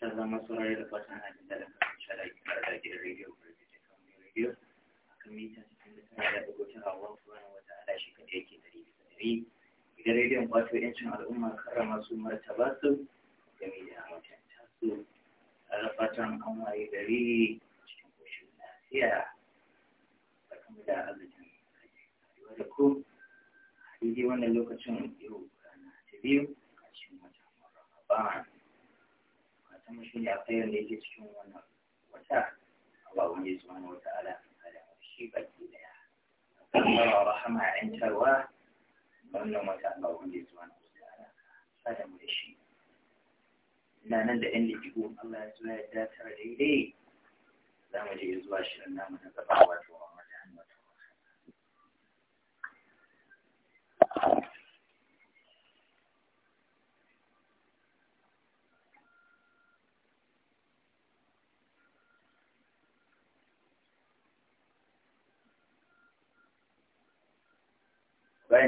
Sannan masu rari da fatan hajji da lafiya insha Allah ki fara da gidan rediyo ko da ta kan rediyo akan mita 69 da dago ta hawa subhanahu wa ta'ala shi kadai yake dari bisa dari gidan rediyon kwato yancin al'umma karrama su martaba su game da mutunta su da fatan an waye gari cikin koshin lafiya barkamu da arzikin rayuwa da ku daidai wannan lokacin yau rana ta biyu a cikin watan Ramadan kuma shi ne alkhairin da yake cikin wannan wata Allah wani zuwa na wata ala shi baki daya kuma rahama yantarwa wannan wata Allah wani zuwa na wata ala sada mu da shi ina nan da yan lijigo Allah ya zuwa ya datar daidai za mu je zuwa shirin namu na gaba wato Ramadan wata Thank you.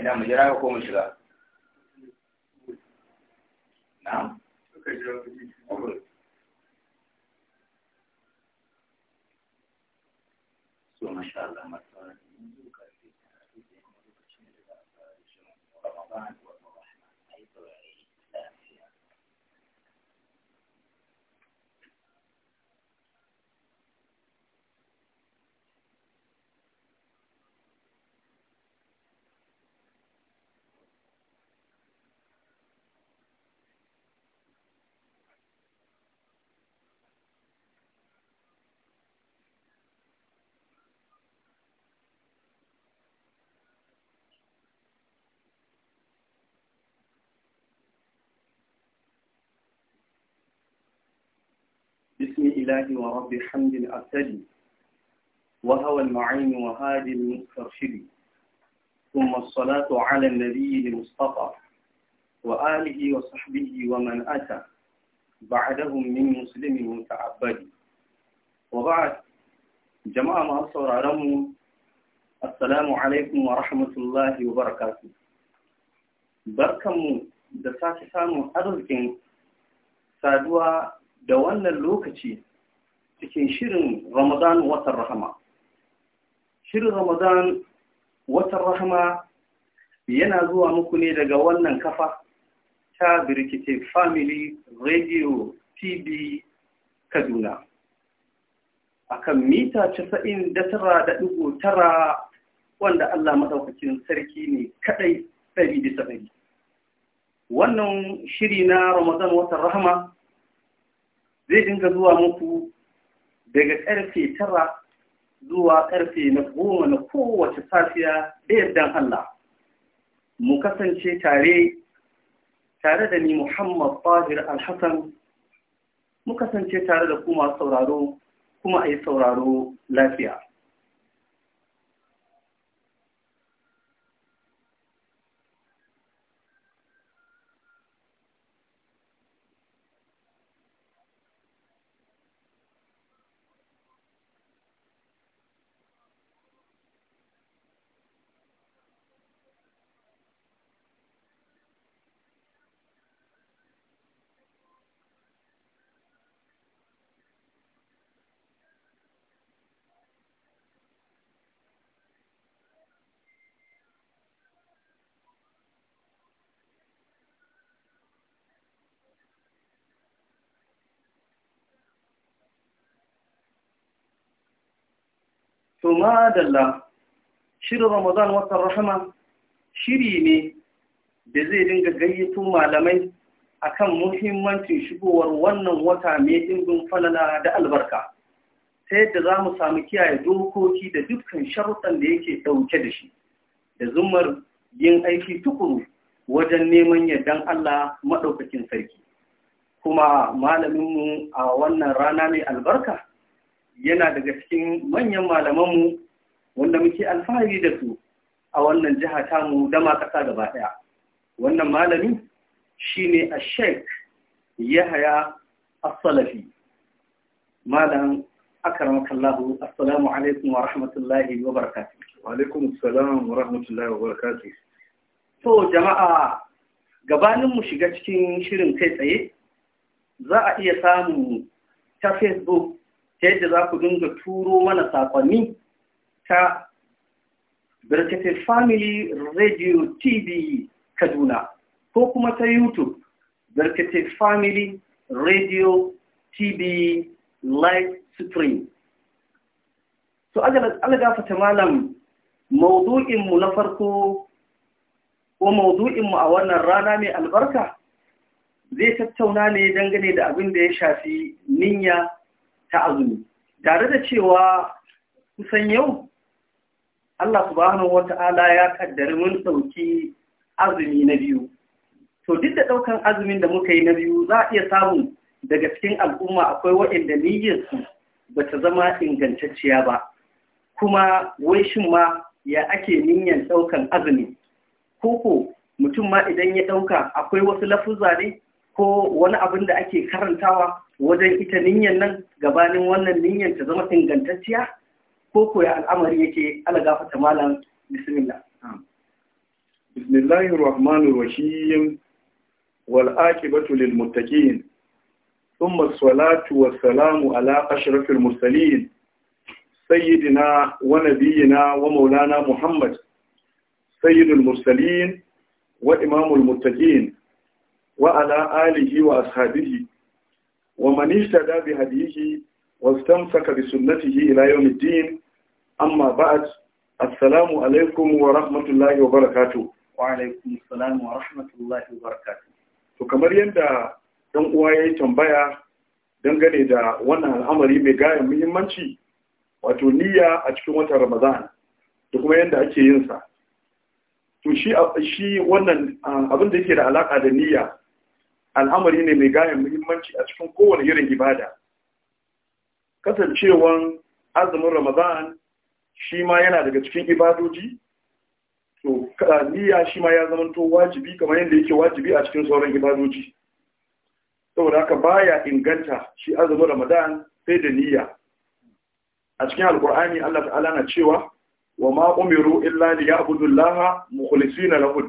yadda mu jira ko mu shiga na so masha Allah بسم إلهي ورب حمد أبتدي وهوى المعين وهادي المسترشد ثم الصلاة على النبي المصطفى وآله وصحبه ومن أتى بعدهم من مسلم متعبد وبعد جماعة مصر عرمو السلام عليكم ورحمة الله وبركاته بركم da sake samun arzikin saduwa da wannan lokaci cikin shirin Ramadan watan rahama. Shirin Ramadan watan rahama yana zuwa muku ne daga wannan kafa ta birkite Family Radio TV Kaduna. akan mita casa'in da da tara wanda Allah maɗaukacin sarki ne kaɗai ɗari bisa Wannan shiri na Ramadan watan rahama zai dinga zuwa muku daga ƙarfe tara zuwa ƙarfe na goma na kowace safiya da yardan Allah. Mu kasance tare, tare da ni Muhammad Fahir hassan mu kasance tare da kuma sauraro, kuma a yi sauraro lafiya. to madalla shirin ramadan watan rahama shiri ne da zai dinga gayyato malamai akan muhimmancin shigowar wannan wata mai ɗimbin falala da albarka ta yadda za mu sami kiyaye dokoki da dukkan sharuɗan da yake ɗauke da shi da zumar yin aiki tukuru wajen neman yardan Allah maɗaukakin sarki kuma malaminmu a wannan rana mai albarka yana daga cikin manyan malamanmu wanda muke alfahari da su a wannan jiha tamu da ma ƙasa gaba ɗaya wannan malami shine a sheik yahaya as-salafi malam akramaka Allah assalamu alaikum wa rahmatullahi wa barakatuh wa alaikum assalam wa rahmatullahi wa barakatuh to jama'a gabanin mu shiga cikin shirin kai tsaye za a iya samu ta Facebook ta yadda za ku dinga turo mana saƙonni ta Birkete Family Radio TV Kaduna ko kuma ta YouTube Birkete Family Radio TV Live Stream. So, alagafa ta malam maudu'inmu na farko ko maudu'inmu a wannan rana mai albarka zai tattauna ne dangane da abin da ya shafi niyya ta azumi tare da cewa kusan yau Allah subhanahu wata'ala ya kaddara mun sauki azumi na biyu to duk da daukan azumin da muka yi na biyu za a iya samu daga cikin al'umma akwai waɗanda niyyarsu ba ta zama ingantacciya ba kuma wai shin ma ya ake niyyar daukan azumi koko mutum ma idan ya dauka akwai wasu lafuzza ne ko wani abin da ake karantawa wajen ita niyyar nan gabanin wannan niyyar ta zama ingantacciya ko koya al'amari yake alagafa ta malam bismillah bismillahir rahmanir rahim wal aqibatu lil muttaqin thumma salatu wa salamu ala ashrafil mursalin sayyidina wa nabiyina wa maulana muhammad sayyidul mursalin wa imamul muttaqin وعلى آله وأصحابه ومن اشتدى بهديه واستمسك بسنته إلى يوم الدين أما بعد السلام عليكم ورحمة الله وبركاته وعليكم السلام ورحمة الله وبركاته فكمر يندى yadda ɗan تنبايا ya yi tambaya dangane da wannan al'amari mai gayan muhimmanci wato niyya a cikin watan ramadan to shi wannan abin da yake da alaka da niyya al'amari ne mai gayan muhimmanci a cikin kowane irin ibada kasancewan azumin ramadan shi ma yana daga cikin ibadoji to niyya shi ma ya zama to wajibi kamar yadda yake wajibi a cikin sauran ibadoji saboda haka baya inganta shi azumin ramadan sai da niyya a cikin alkur'ani Allah ta'ala na cewa wa ma umiru illa liyabudullaha mukhlisina lahu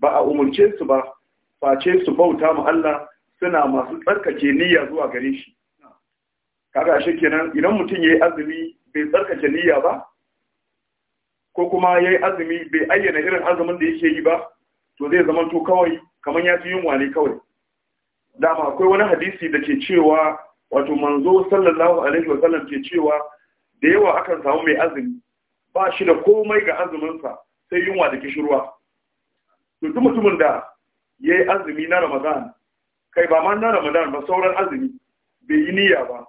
ba a umurce su ba face su bauta mu Allah suna masu tsarkake niyya zuwa gare shi kaga shi kenan idan mutum yayi azumi bai tsarkake niyya ba ko kuma yayi azumi bai ayyana irin azumin da yake yi ba to zai zama to kawai kamar ya ji yunwa ne kawai dama akwai wani hadisi da ke cewa wato manzo sallallahu alaihi wasallam ke cewa da yawa akan samu mai azumi ba shi da komai ga azuminsa sai yunwa da kishirwa to duk mutumin da ya yi azumi na ramadan kai ba ma na ramadan ba sauran azumi bai yi niyya ba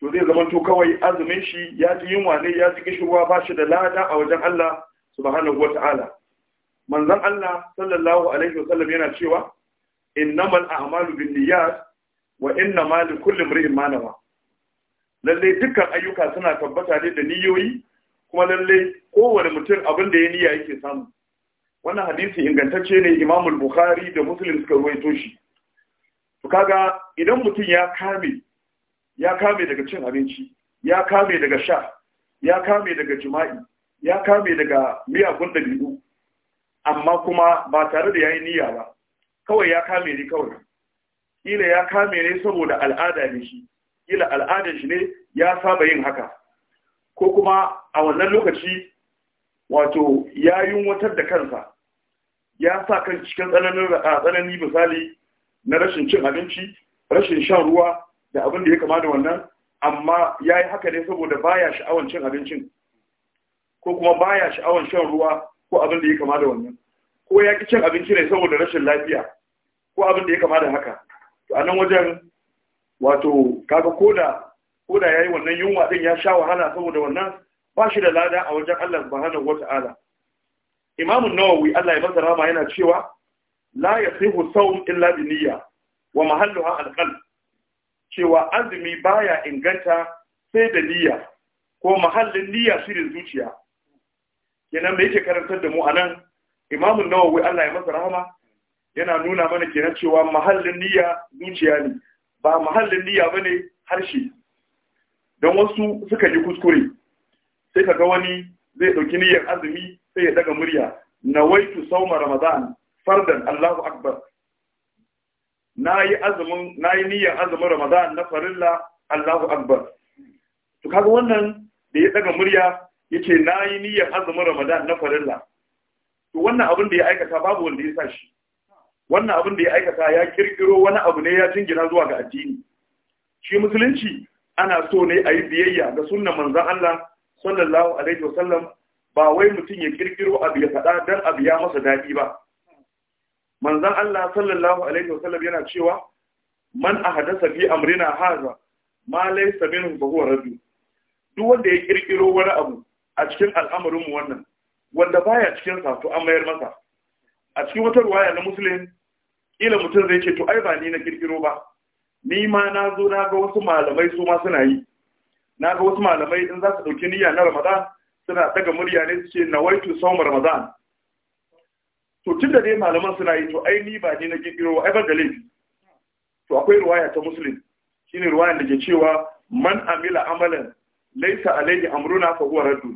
to zai zama to kawai azumin shi ya ji yunwa ne ya ji kishirwa ba shi da lada a wajen Allah subhanahu ta'ala. manzon Allah sallallahu alaihi wasallam yana cewa Inna mal a'malu binniyat wa na mali kullum ma manawa. Lallai dukkan ayyuka suna tabbata ne da niyoyi kuma lallai kowane mutum abin da ya niyya yake samu wannan hadisi ingantacce ne imamul bukhari da muslim suka ruwaito shi to kaga idan mutum ya kame ya kame daga cin abinci ya kame daga sha ya kame daga jima'i ya kame daga miyagun dabi'u amma kuma ba tare da yayi niyya ba kawai ya kame ne kawai kila ya kame ne saboda al'ada ne shi kila al'adar shi ne ya saba yin haka ko kuma a wannan lokaci wato ya yunwatar da kansa ya sa kan cikin tsanani misali na rashin cin abinci rashin shan ruwa da abin da ya kama da wannan amma ya yi haka ne saboda baya sha'awan cin abincin ko kuma baya sha'awan shan ruwa ko abin da ya kama da wannan ko ya ki cin abinci ne saboda rashin lafiya ko abin da ya kama da haka to a nan wajen wato kaga koda koda yi wannan yunwa din ya sha wahala saboda wannan ba shi da lada a wajen Allah subhanahu wata'ala Imam an-Nawawi Allah ya masa rahama yana cewa la yasihu sawm illa bi niyya wa mahalluha al-qalb cewa azumi baya inganta sai da niyya ko mahallin niyya shi da zuciya kenan me yake karantar da mu anan Imam an-Nawawi Allah ya masa rahama yana nuna mana kenan cewa mahallin niyya zuciya ne ba mahallin niyya bane harshe don wasu suka yi kuskure sai ga wani zai ɗauki niyyar azumi sai ya daga murya na waitu sauma ramadan fardan Allahu akbar yi azumin yi niyyar azumin ramadan na farilla Allahu akbar to kaga wannan da ya daga murya yace yi niyyar azumin ramadan na farilla to wannan abin da ya aikata babu wanda ya sa shi wannan abin da ya aikata ya kirkiro wani abu ne ya jingina zuwa ga addini shi musulunci ana so ne a yi biyayya ga sunnan manzan Allah sallallahu alaihi wasallam ba wai mutum ya kirkiro abu ya faɗa dan abu ya masa daɗi ba manzon Allah sallallahu alaihi wasallam yana cewa man Ahadasa fi amrina haza ma laysa minhu ba huwa duk wanda ya kirkiro wani abu a cikin al'amarin wannan wanda baya cikin sa to an mayar masa a cikin wata ruwaya na muslim ila mutum zai ce to ai ba ni na kirkiro ba ni ma na zo na ga wasu malamai su ma suna yi na ga wasu malamai in za su ɗauki niyya na ramadan suna daga murya ne su ce nawaitu saum ramadan to tun da dai malaman suna yi to ai ni ba ni na kirkiro ai ban da to akwai ruwaya ta muslim shine ruwayan da ke cewa man amila amalan laisa alayhi amruna fa huwa raddu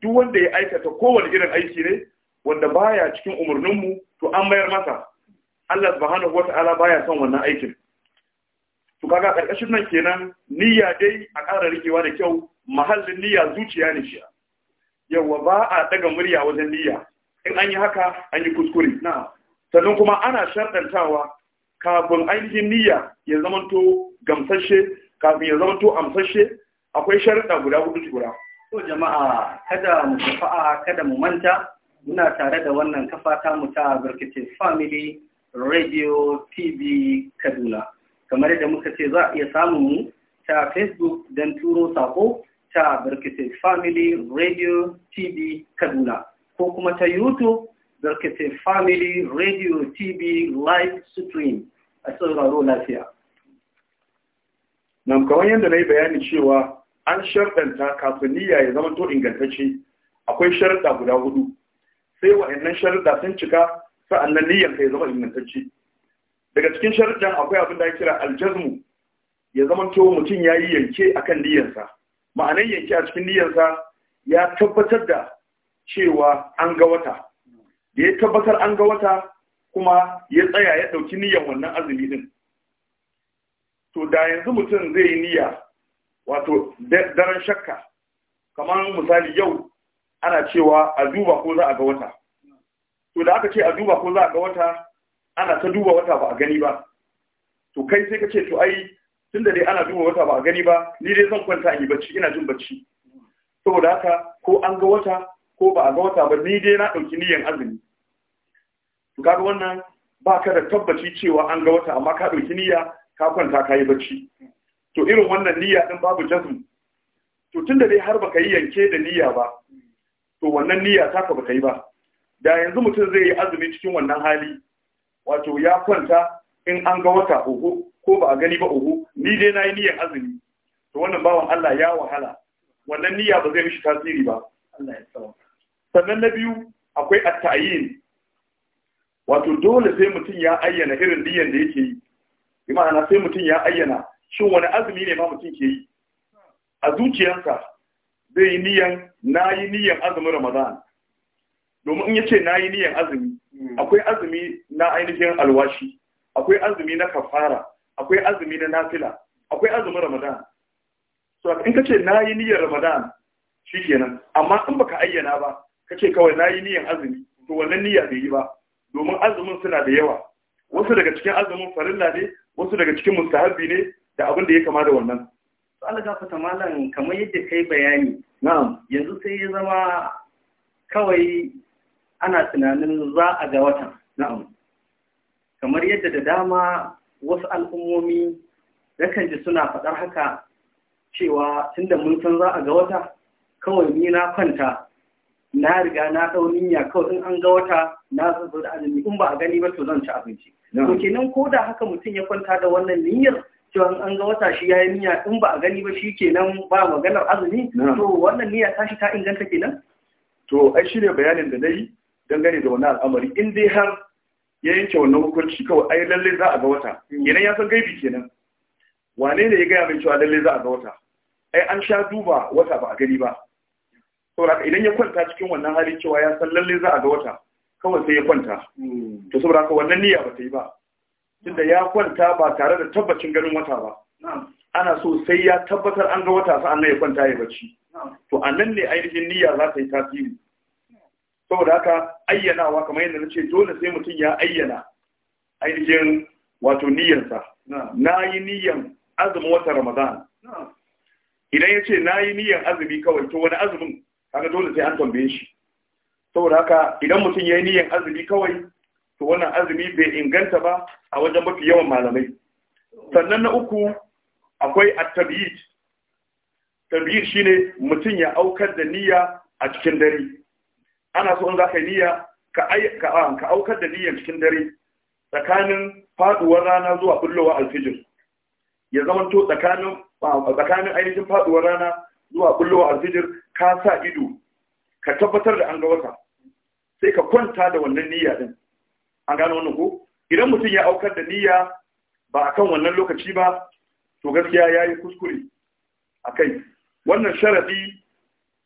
duk wanda ya aikata kowane irin aiki ne wanda baya cikin mu to an bayar masa Allah subhanahu wata'ala baya son wannan aikin to kaga karkashin nan kenan niyya dai a ƙara rikewa da kyau mahallin niyya zuciya ne shi yawa ba a daga murya wajen niyya in an yi haka an yi kuskure na sannan kuma ana sharɗantawa kafin ainihin niyya ya zamanto gamsashe kafin ya zamanto amsashe akwai sharuɗa guda hudu guda to jama'a kada mu tafa'a kada mu manta muna tare da wannan kafa ta mu ta birkitin family radio tv kaduna kamar yadda muka ce za a iya samun mu ta facebook don turo sako ta berkete family radio tv kaduna ko kuma ta youtube berkete family radio tv live stream a sauraro lafiya nan kawai yadda na yi bayani cewa an sharɗanta kafin niyya ya zama to ingantacce akwai sharɗa guda hudu sai wa'annan sharɗa sun cika sa'annan niyyar ka ya zama ingantacce daga cikin sharuɗan akwai abin da kira aljazmu ya zama to mutum ya yi yanke akan niyyarsa ma'anar yanke a cikin niyyarsa ya tabbatar da cewa an ga wata da ya tabbatar an ga wata kuma ya tsaya ya ɗauki niyyar wannan azumi din to da yanzu mutum zai yi niyya wato daren shakka kamar misali yau ana cewa a duba ko za a ga wata to da aka ce a duba ko za a ga wata ana ta duba wata ba a gani ba to kai sai ka ce to ai tunda dai ana duba wata ba a gani ba ni dai zan kwanta in yi bacci ina jin bacci saboda haka ko an ga wata ko ba a ga wata ba ni dai na ɗauki niyyar azumi to kaga wannan ba ka da tabbaci cewa an ga wata amma ka ɗauki niyya ka kwanta ka yi bacci to irin wannan niyya din babu jazm to tunda dai har baka yi yanke da niyya ba to wannan niyya taka baka yi ba da yanzu mutum zai yi azumi cikin wannan hali wato ya kwanta in an ga wata oho ko ba a gani ba oho ni dai na yi niyyar azumi to wannan bawan Allah ya wahala wannan niyya ba zai mishi tasiri ba Allah ya tsawo sannan na biyu akwai at-ta'yin wato dole sai mutum ya ayyana irin niyyar da yake yi ma'ana sai mutum ya ayyana shin wani azumi ne ma mutum ke yi a zuciyarsa zai yi niyyar na niyan azumin Ramadan domin in yace nayi niyan azumi akwai azumi na ainihin alwashi akwai azumi na kafara akwai azumi na nafila akwai azumin ramadan so in ka ce na yi niyyar ramadan shi kenan amma in baka ayyana ba ka ce kawai na yi niyyar azumi to wannan niyya bai yi ba domin azumin suna da yawa wasu daga cikin azumin farilla ne wasu daga cikin mustahabbi ne da abin da ya kama da wannan Allah gafata malam kamar yadda kai bayani na'am yanzu sai ya zama kawai ana tunanin za a ga watan na'am kamar yadda da dama wasu al'ummomi yakan ji suna faɗar haka cewa tunda mun san za a ga wata kawai ni na kwanta na riga na ɗau niyya kawai in an ga wata na zo da azumi in ba a gani ba to zan ci abinci to kenan ko da haka mutum ya kwanta da wannan niyyar cewa an ga wata shi ya yi niyya in ba a gani ba shi kenan ba maganar azumi to wannan niyya ta ta inganta kenan to ai shi bayanin da na yi dangane da wani al'amari in dai har ya yanke wannan hukunci kawai ai lalle za a ga wata kenan ya san gaibi kenan wane ne ya gaya mai cewa lalle za a ga wata ai an sha duba wata ba a gani ba saboda idan ya kwanta cikin wannan hali cewa ya san lalle za a ga wata kawai sai ya kwanta to saboda ka wannan niyya ba ta yi ba tunda ya kwanta ba tare da tabbacin ganin wata ba ana so sai ya tabbatar an ga wata sa'an nan ya kwanta ya bacci to a nan ne ainihin niyya za ta yi tasiri saboda haka ayyanawa kamar yadda na ce dole sai mutum ya ayyana ainihin wato niyyarsa na yi niyyan azumin wata ramadan idan ya ce na yi niyyan azumi kawai to wani azumin kaga dole sai an tambaye shi saboda haka idan mutum ya yi niyyan azumi kawai to wannan azumi bai inganta ba a wajen mafi yawan malamai sannan na uku akwai at-tabiyyid tabiyyid shine mutum ya aukar da niyya a cikin dare ana so in za ka yi niyya ka ah, aukar da niyyar cikin dare tsakanin faduwar rana zuwa bullowa alfijir ya zamanto tsakanin tsakanin ainihin faduwar rana zuwa bullowa alfijir ka sa ido ka tabbatar da an ga wata sai ka kwanta da wannan niyya din an gano wannan ko idan mutum ya aukar da niyya ba a kan wannan lokaci ba to gaskiya ya yi kuskure a kai wannan sharadi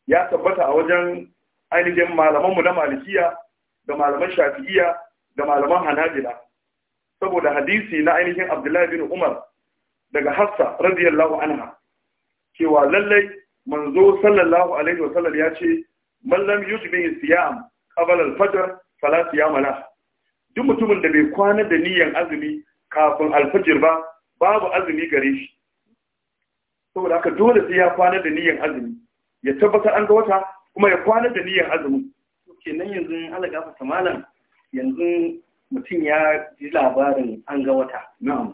ya tabbata a wajen ainihin malamanmu na malikiya da malaman shafi'iya da malaman hanabila saboda hadisi na ainihin abdullahi bin umar daga hassa radiyallahu anha cewa lallai manzo sallallahu alaihi wasallam ya ce man lam yujbi siyam qabla al-fajr fala siyam la duk mutumin da bai kwana da niyyar azumi kafin al-fajr ba babu azumi gare shi saboda haka dole sai ya kwana da niyyar azumi ya tabbatar an ga wata kuma ya kwana da niyyar azumi kenan yanzu Allah fata malam yanzu mutum ya ji labarin an ga wata na'am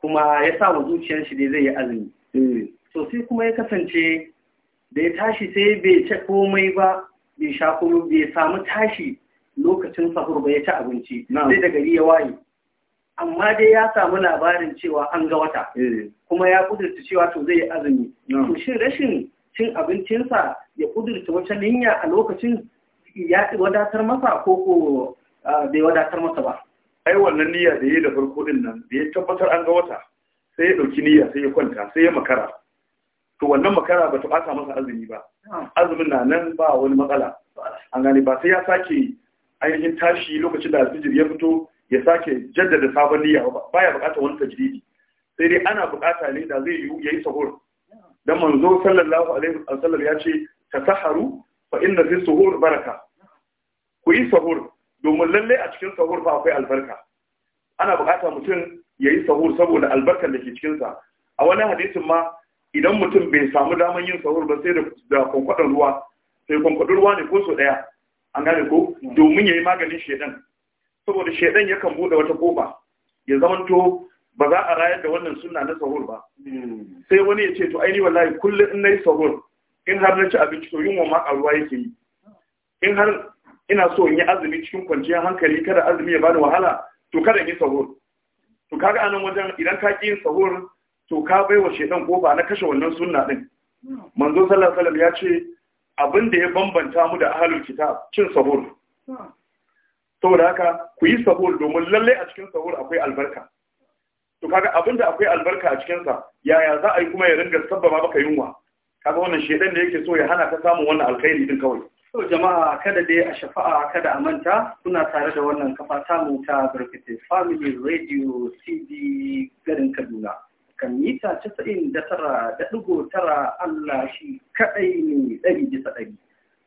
kuma ya sa wa zuciyar shi dai zai yi azumi So eh. sai kuma ya kasance da ya tashi sai bai ci komai ba bai sha komai bai samu tashi lokacin sahur ba ya ci abinci sai da gari ya waye amma dai ya samu labarin cewa an ga wata eh. kuma ya kudurta cewa to zai yi azumi to shin rashin cin abincinsa ya kudurce wata niyya a lokacin ya wadatar masa ko ko bai wadatar masa ba ai wannan niyya da yi da farko din nan da ya tabbatar an ga wata sai ya dauki niyya sai ya kwanta sai ya makara to wannan makara ba ta bata masa azumi ba azumin na nan ba wani matsala an gane ba sai ya sake ainihin tashi lokacin da alfijir ya fito ya sake jaddada sabon niyya ba baya bukatar wani tajdidi sai dai ana bukata ne da zai yi yayi sahur dan manzo sallallahu alaihi wasallam ya ce tasaharu fa inna fi suhur baraka ku yi sahur domin lalle a cikin sahur fa akwai albarka ana bukata mutum ya yi sahur saboda albarkar da ke cikinsa a wani hadisin ma idan mutum bai samu daman yin sahur ba sai da kwankwadon ruwa sai kwankwadon ruwa ne ko so ɗaya an gane ko domin ya yi maganin shaidan saboda shaidan yakan buɗe wata kofa ya zamanto ba za a rayar da wannan sunna na sahur ba hmm. sai wani ya ce to aini wallahi kullum in na yi sahur in har na ci abinci to yunwa ma ƙaruwa yake yi in har ina so in yi azumi cikin kwanciyar hankali kada azumi ya bani wahala to kada in yi sahur to kaga anan wajen idan ka ƙi yin sahur to ka bai wa shedan goba na kashe wannan sunna din manzo sallallahu alaihi wasallam ya ce abin da ya bambanta mu da ahlul kitab cin sahur saboda haka ku yi sahur domin lalle a cikin sahur akwai albarka to kaga abin da akwai albarka a cikinsa, yaya za a yi kuma ya ringa sabbaba baka yunwa kaga wannan shedan da yake so ya hana ka samun wannan alkhairi din kawai to jama'a kada dai a shafa'a kada a manta kuna tare da wannan kafa samu ta Barkate Family Radio CD garin Kaduna kan mita 99.9 Allah shi kadai ne dari bisa dari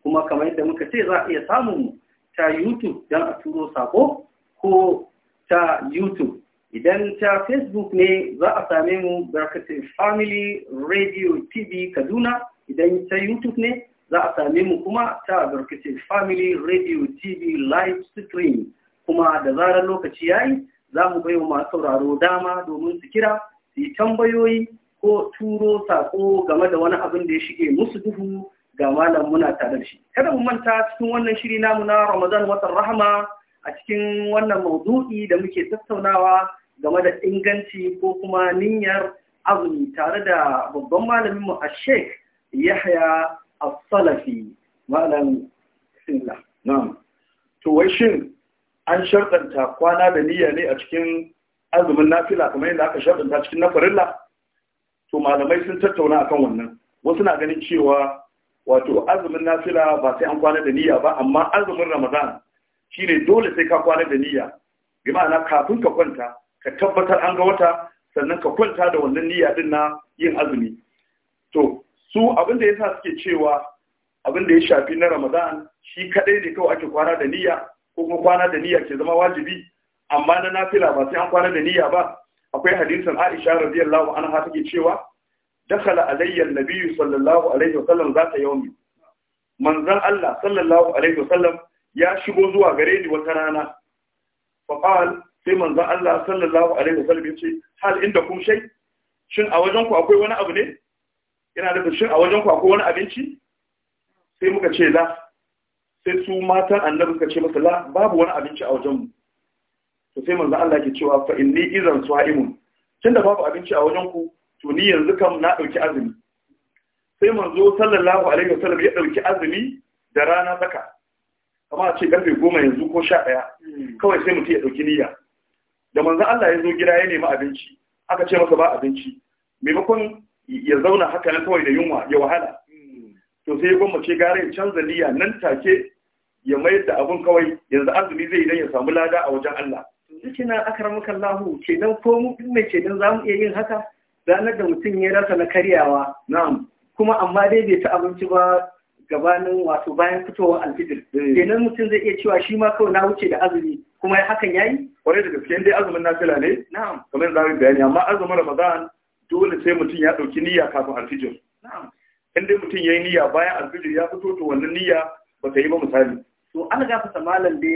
kuma kamar yadda muka ce za a iya samu ta YouTube dan a turo sako ko ta YouTube idan ta facebook ne za a same mu barkatin family radio tv kaduna idan ta youtube ne za a same mu kuma ta barkatin family radio tv live stream kuma da zarar lokaci ya yi za mu bai wa masu sauraro dama domin su kira su yi tambayoyi ko turo sako game da wani abin da ya shige musu duhu ga malam muna tare da shi kada mu manta cikin wannan shiri namu na ramadan watan rahama a cikin wannan maudu'i da muke tattaunawa game da inganci ko kuma niyyar azumi tare da babban malamin mu a sheik yahya al salafi malam bismillah na'am to wai shin an sharɗanta kwana da niyya ne a cikin azumin nafila kamar yadda aka sharɗanta cikin na farilla to malamai sun tattauna akan wannan wasu na ganin cewa wato azumin nafila ba sai an kwana da niyya ba amma azumin ramadan shine dole sai ka kwana da niyya bi ma'ana kafin ka kwanta ka tabbatar an ga wata sannan ka kwanta da wannan niyya din na yin azumi to su abinda ya sa suke cewa abinda ya shafi na Ramadan shi kadai ne kawai ake kwana da niyya ko kuma kwana da niyya ke zama wajibi amma na nafila ba sai an kwana da niyya ba akwai hadisin Aisha radiyallahu anha take cewa Dakala alayya an-nabiy sallallahu alaihi wasallam zata yawmi manzon Allah sallallahu alaihi wasallam ya shigo zuwa gare ni wata rana fa qala sai manzo Allah sallallahu alaihi wasallam ya ce hal inda kun shay shin a wajenku akwai wani abu ne Ina da shin a wajenku akwai wani abinci sai muka ce la sai su matan annabi suka ce masa la babu wani abinci a wajenmu. to sai manzo Allah ke cewa fa inni idan suhaimun tunda babu abinci a wajenku, to ni yanzu kam na dauki azumi sai manzo sallallahu alaihi wasallam ya dauki azumi da rana tsaka kama a ce karfe goma yanzu ko sha ɗaya hmm. kawai sai mutum ya ɗauki niyya da manzo Allah ya zo gida ya nemi abinci aka ce masa ba abinci maimakon ya zauna haka nan kawai da yunwa ya wahala to sai ya gwammace gara ya canza niyya nan take ya mayar da abun kawai yanzu azumi zai idan ya samu lada a wajen Allah duk na akramuka Allah kenan ko mu din mai dan zamu iya yin haka ranar da mutum ya rasa na karyawa na'am kuma amma dai bai ta abinci ba gabanin wato bayan fitowar alfijir eh. kenan mutum zai iya cewa shi ma kawai na wuce da azumi kuma hakan yayi kwarai da gaske dai azumin nafila ne na'am kamar da bayani amma azumin ramadan dole sai mutum ya dauki niyya kafin alfijir na'am in dai mutum yayi niyya bayan alfijir ya fito to wannan niyya ba ta yi ba misali to an gafa malam da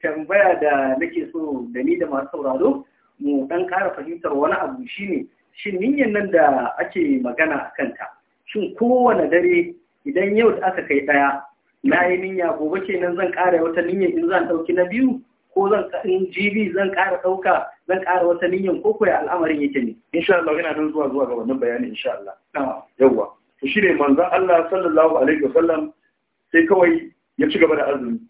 tambaya da nake so da ni da masu sauraro mu dan kara fahimtar wani abu shine shin niyyan nan da ake magana a kanta shin kowane dare idan yau da aka kai ɗaya na yi niyya gobe kenan zan ƙara wata niyya in zan ɗauki na biyu ko zan in GB zan ƙara ɗauka zan ƙara wata niyyar ko kuwa al'amarin yake ne insha Allah yana nan zuwa zuwa ga wannan bayani insha Allah yawa to shine manzon Allah sallallahu alaihi wasallam sai kawai ya ci gaba da azumi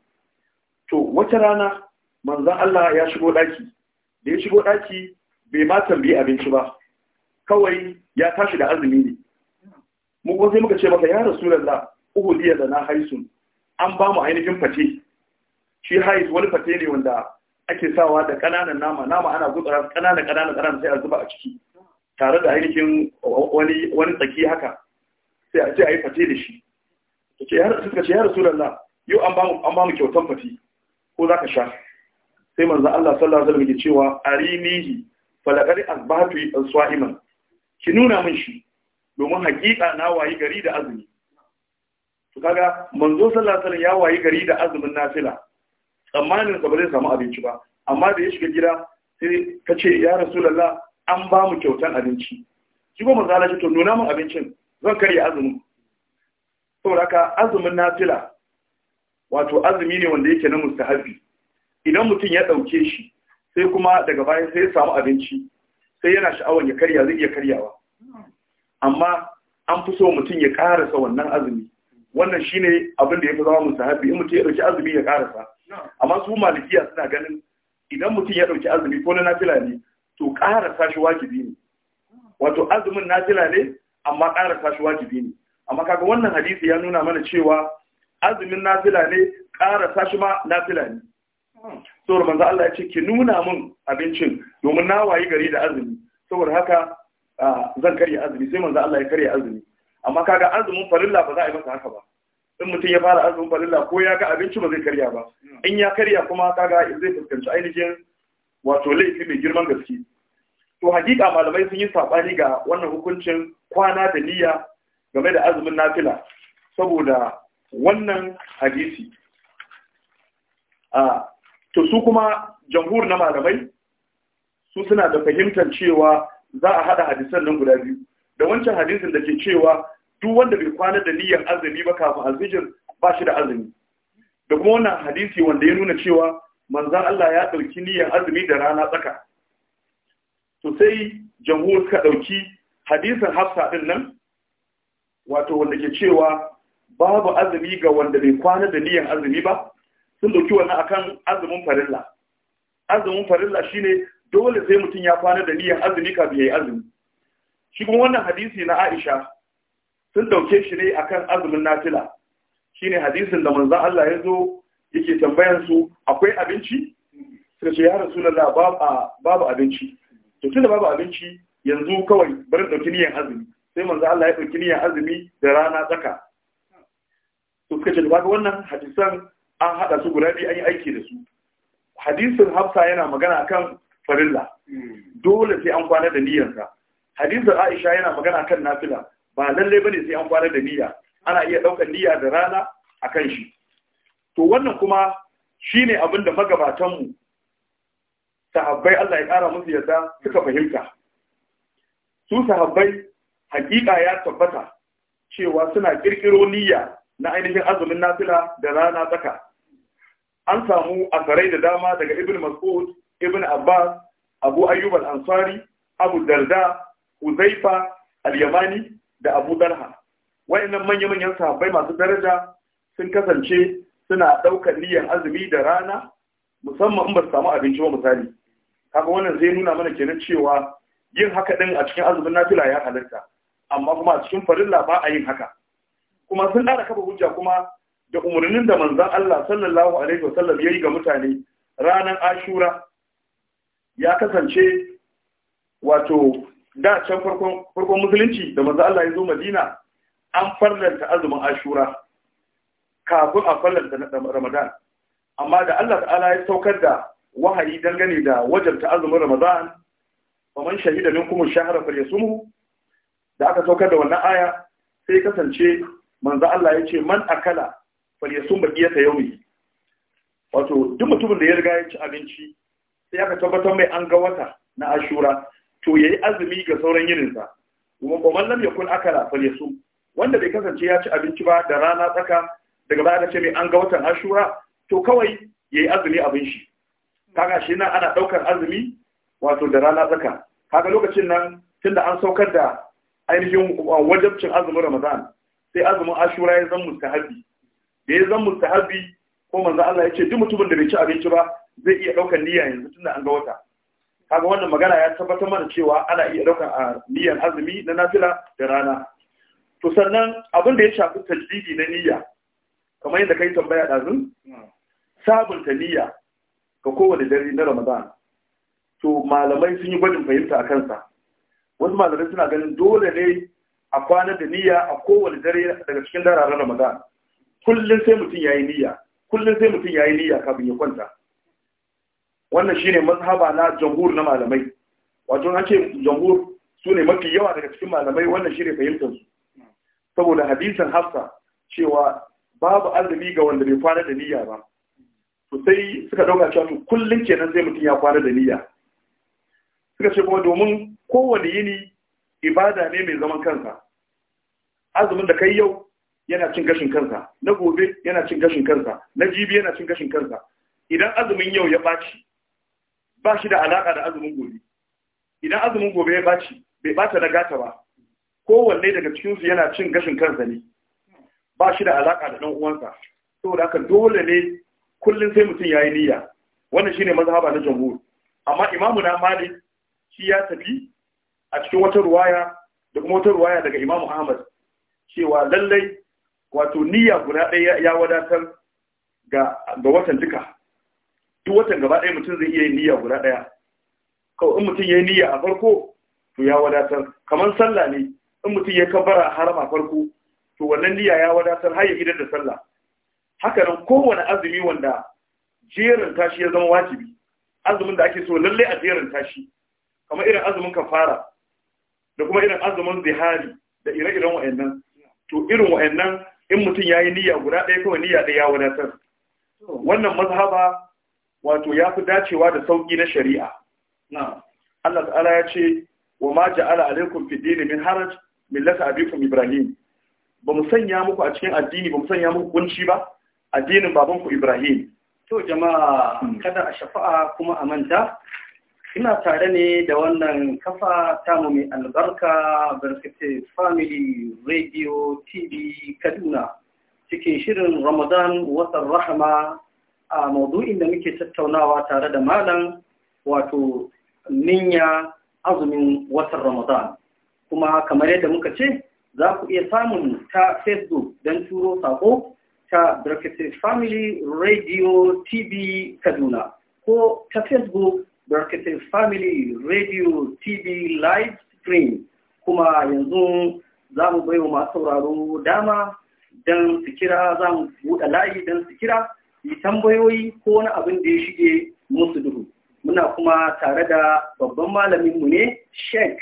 to wata rana manzon Allah ya shigo daki da ya shigo daki bai ma tambayi abinci ba kawai ya tashi da azumi ne mu ko sai muka ce maka ya rasulullah uhudiyya na haisun an ba mu ainihin fate shi haiz wani fate ne wanda ake sawa da ƙananan nama nama ana gutsara ƙananan ƙananan ƙananan sai a zuba a ciki tare da ainihin wani wani tsaki haka sai a ce a yi fate da shi ce har suka ce sura rasulullah yau an ba mu an ba mu kyautan fate ko zaka sha sai manzo Allah sallallahu alaihi wasallam ya cewa arinihi falaqad asbahtu as ki nuna min shi domin hakika na wayi gari da azumi to kaga manzo sallallahu alaihi wasallam ya wayi gari da azumin nafila tsammanin sa ba zai samu abinci ba amma da ya shiga gida sai ka ce ya rasu lalla an ba mu kyautan abinci shi ko manzo shi to nuna min abincin zan karya azumin saboda haka azumin nafila wato azumi ne wanda yake na mustahabi idan mutum ya ɗauke shi sai kuma daga baya sai ya samu abinci sai yana sha'awar ya karya zai iya karyawa amma an fi so mutum ya karasa wannan azumi wannan shine abin da ya fi zama musahabi in mutum ya ɗauki azumi ya karasa amma su malikiya suna ganin idan mutum ya ɗauki azumi ko na nafila ne to karasa shi wajibi ne wato azumin nafila ne amma karasa shi wajibi ne amma kaga wannan hadisi ya nuna mana cewa azumin nafila ne karasa shi ma nafila ne saboda manzo Allah ya ce ki nuna mun abincin domin na wayi gari da azumi saboda haka ah, zan karya azumi sai manzo Allah ya karya azumi amma kaga azumin farilla ba za a yi masa haka ba in mutum ya fara azumin farilla ko ya ga abinci ba zai karya ba in ya karya kuma kaga zai fuskanci ainihin wato laifi mai girman gaske to hakika malamai sun yi sabani ga wannan hukuncin kwana da niyya game da azumin nafila saboda wannan hadisi a to su kuma jamhur na malamai su suna da fahimtar cewa za a haɗa hadisan nan guda biyu da wancan hadisin da ke cewa duk wanda bai kwana da niyyar azumi ba kafin alfijir ba shi da azumi da kuma wannan hadisi wanda ya nuna cewa manzan Allah ya ɗauki niyyar azumi da rana tsaka to sai jamhur suka ɗauki hadisin hafsa ɗin nan wato wanda ke cewa babu azumi ga wanda bai kwana da niyyar azumi ba sun ɗauki wannan akan azumin farilla azumin farilla shine dole sai mutum ya kwana da niyyar azumi kafin ya yi azumi shi kuma wannan hadisi na Aisha sun dauke shi ne akan azumin nafila shine hadisin da manzo Allah ya zo yake tambayan su akwai abinci sai su ya rasulullah babu babu abinci to tunda babu abinci yanzu kawai bari dauki niyan azumi sai manzo Allah ya dauki niyan azumi da rana tsaka to suka ce wannan hadisan an hada su guda biyu an yi aiki da su hadisin Hafsa yana magana akan farilla hmm. dole sai an kwana da niyyarsa hadisin Aisha yana magana kan nafila ba lalle bane sai an kwana da niyya ana iya daukar niyya da rana akan shi to wannan kuma shine abin da magabatan mu sahabbai Allah ya kara musu yarda suka fahimta su sahabbai hakika ya tabbata cewa suna kirkiro niyya na ainihin azumin nafila da rana tsaka an samu asarai da dama daga ibn mas'ud ibn abbas abu ayyub al-ansari abu darda Uzaifa al-Yamani da Abu Darha wayannan manya-manyan sahabbai masu daraja sun kasance suna daukar niyyar azumi da rana musamman in ba su samu abinci ba misali kaga wannan zai nuna mana kenan cewa yin haka din a cikin azumin nafila ya halarta amma kuma a cikin farilla ba a yin haka kuma sun ƙara kafa hujja kuma da umarnin da manzon Allah sallallahu alaihi wasallam yayi ga mutane ranar Ashura ya kasance wato da can farkon musulunci da manzo Allah ya zo Madina an farlanta azumin Ashura kafin a farlanta na Ramadan amma da Allah ta'ala ya saukar da wahayi dangane da wajabta azumin Ramadan man shahida minkum ash-shahra falyasumhu da aka saukar da wannan aya sai kasance manzo Allah ya ce man akala falyasum baqiyata yawmi wato duk mutumin da ya riga ya ci abinci sai aka tabbatar mai an ga wata na Ashura to ya yi azumi ga sauran yininsa wa man ya kun akala falyasum wanda bai kasance ya ci abinci ba da rana tsaka daga baya aka ce mai an ga watan ashura to kawai yayi azumi abin shi kaga shi nan ana daukar azumi wato da rana tsaka kaga lokacin nan tunda an saukar da ainihin wajabcin azumin ramadan sai azumin ashura ya zan mustahabi da ya zan mustahabi ko manzo Allah ya ce duk mutumin da bai ci abinci ba zai iya daukar niyya yanzu tunda an ga wata kaga wannan magana ya tabbatar mana cewa ana iya a ah, niyyar azumi na nafila da rana to sannan abin da ya shafi tajdidi na niyya kamar yadda kai tambaya dazun sabunta niyya ga kowane dare na ramadan to malamai sun yi gwajin fahimta a kansa wasu malamai suna ganin dole ne a kwana da niyya a kowane dare daga cikin dararen ramadan kullum sai mutum ya yi niyya kullum sai mutum ya yi niyya kafin ya kwanta wannan shine mazhaba na jamhur na malamai wato an ce jamhur su ne mafi yawa daga cikin malamai wannan shine ne saboda hadisin hafsa cewa babu azumi ga wanda bai kwana da niyya ba to sai suka dauka cewa to kullun kenan sai mutum ya kwana da niyya suka ce kuma domin kowane yini ibada ne mai zaman kansa azumin da kai yau yana cin gashin kansa na gobe yana cin gashin kansa na jibi yana cin gashin kansa idan azumin yau ya ɓaci ba shi da alaka da azumin gobe idan azumin gobe ya baci bai bata na gata ba kowanne daga cikinsu yana cin gashin kansa ne ba shi da alaka da ɗan uwansa saboda haka dole ne kullum sai mutum ya yi niyya wannan shine mazhaba na jamhur amma imamu na malik shi ya tafi a cikin wata ruwaya da kuma wata ruwaya daga imamu ahmad cewa lallai wato niyya guda ɗaya ya wadatar ga watan duka duk watan gaba ɗaya mutum zai iya yin niyya guda ɗaya kawai in mutum ya yi niyya a farko to ya wadatar kamar sallah ne in mutum ya kabbara harama farko to wannan niyya ya wadatar har ya idan da sallah haka nan kowane azumi wanda jerin tashi ya zama wajibi azumin da ake so lallai a jerin tashi kamar irin azumin kafara da kuma irin azumin zihari da ire-iren wa'annan to irin wa'annan in mutum ya yi niyya guda ɗaya kawai niyya ɗaya ya wadatar wannan mazhaba wato ya fi dacewa da sauƙi na shari'a Allah ta'ala ya ce wa ma ja'ala alaikum fi dini min haraj millata abikum ibrahim ba mu sanya muku a cikin addini ba mu sanya muku kunci ba addinin babanku ibrahim to jama'a hmm. kada a shafa'a kuma a manta ina tare ne da wannan kafa tamu mai albarka barkate family radio tv kaduna cikin shirin ramadan watan rahama a maudu'in da muke tattaunawa tare da malam wato ninya azumin watan Ramadan. Kuma kamar yadda muka ce, za ku iya samun ta Facebook don turo sako ta Bracketed Family Radio TV Kaduna ko ta Facebook Bracketed Family Radio TV Live Stream. Kuma yanzu za mu baiwa masu sauraro dama don su kira za mu buɗe layi don su kira yi tambayoyi ko wani abin da ya shige musu duhu muna kuma tare da babban malamin mu ne Sheikh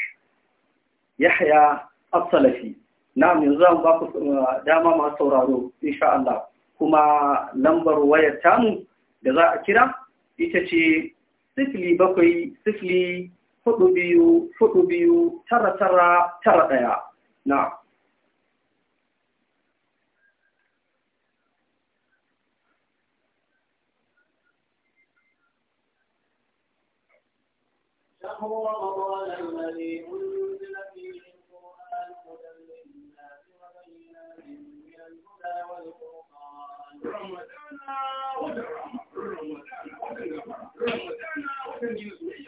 yahya asalafi na'am yanzu zan ba ku eh, dama masu sauraro insha Allah kuma lambar wayar tamu da za a kira ita ce sifili bakwai sifili hudu biyu hudu biyu tara tara tara na'am هو رمضان الذي أنزل فيه القرآن هدى للناس وبينات من الهدى والفرقان رمضان هدى رمضان هدى رمضان هدى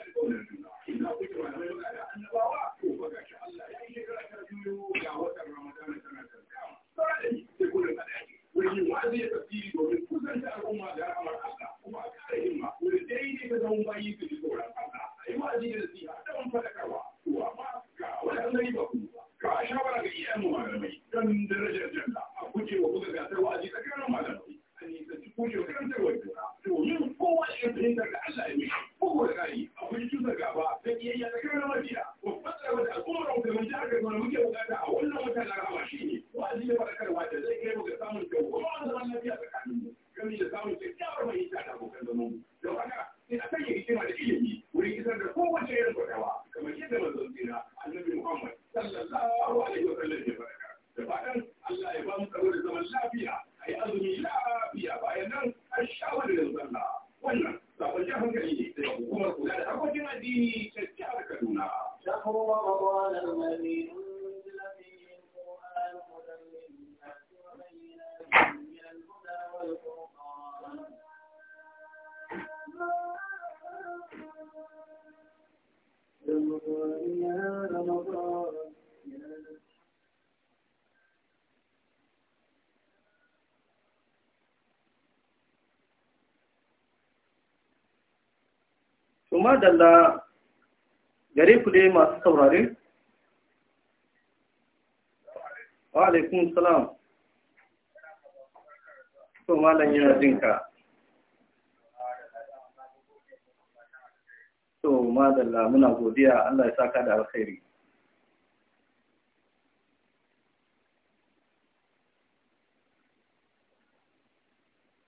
Ina kuma da rana da ana bawa, ko baka sha Allah ya yi shekara ta biyu ga watan Ramadana tana tattama. Sa'ai, sai kuna kada ya wajen wa'azi ya tafi domin kusanta al'umma da rahmar Allah kuma a kare himma wurin daidai da zaman bayi su ji tsoron Allah a yi wa'azi da nasiha da wani fadakarwa kuwa ma ga wani an gari ba kuma ka shawara ga iyayen malamai kan darajar janna a buje wa buga gasar wa'azi tsakanin malamai nisanci ko fahimtar da Allah gaba da babban jihar muke bukata watan laraba shi ne wa'azi da ga samun zaman lafiya tsakanin mu da samun kyakkyawar a kowace irin faɗa madalla gare ku dai masu saurare wa alaikun salam so malam yana jinka so madalla muna godiya Allah ya saka da alkhairi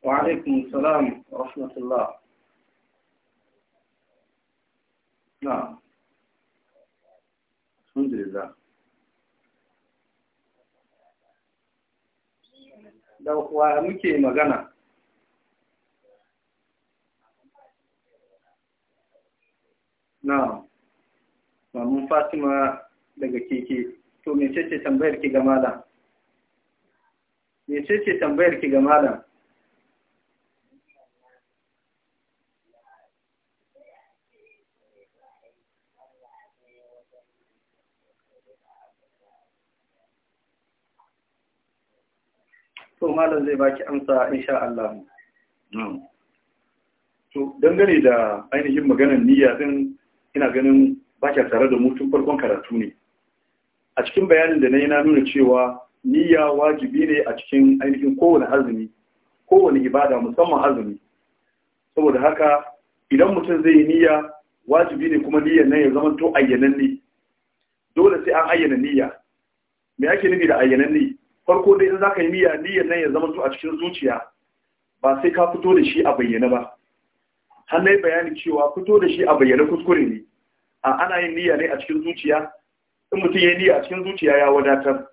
wa alaikun salam wa rahmatullah sun da kuwa muke magana na mamun fatima daga keke to mecece tambayar ki ga malam mecece tambayar ki ga malam so malam zai baki amsa insha Allah mu. to dangane da ainihin maganar niyya din ina ganin baki tare da mutum farkon karatu ne a cikin bayanin da na yi na nuna cewa niyya wajibi ne a cikin ainihin kowane azumi kowane ibada musamman azumi saboda haka idan mutum zai yi niyya wajibi ne kuma niyyar nan ya zama to ayyanan ne dole sai an ayyana niyya me ake nufi da ayyanan ne farko dai in za ka yi niyya niyyar nan ya zama to a cikin zuciya ba sai ka fito da shi a bayyane ba har nayi bayani cewa fito da shi a bayyane kuskure ne a ana yin niyya ne a cikin zuciya in mutum ya yi niyya a cikin zuciya ya wadatar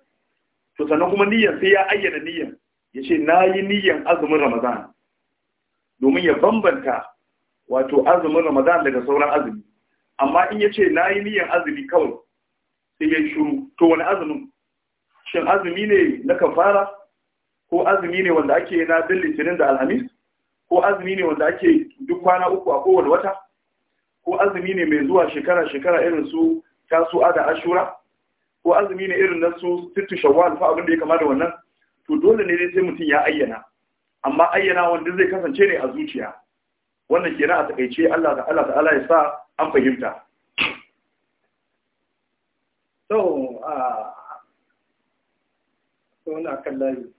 to sannan kuma niyyar sai ya ayyana niyyar ya ce na yi niyyar azumin ramadan domin ya bambanta wato azumin ramadan daga sauran azumi amma in ya ce na yi niyyar azumi kawai sai ya yi shuru to wani azumin shin azumi ne na kafara ko azumi ne wanda ake na bin litinin da alhamis ko azumi ne wanda ake duk kwana uku a kowane wata ko azumi ne mai zuwa shekara-shekara irin su tasu'a da ashura ko azumi ne irin na su sittu shawwal fa abin da ya kama da wannan to dole ne sai mutum ya ayyana amma ayyana wanda zai kasance ne a zuciya wannan kenan a takaice Allah ta Allah Allah ya sa an fahimta to uh, akwai wani akan layi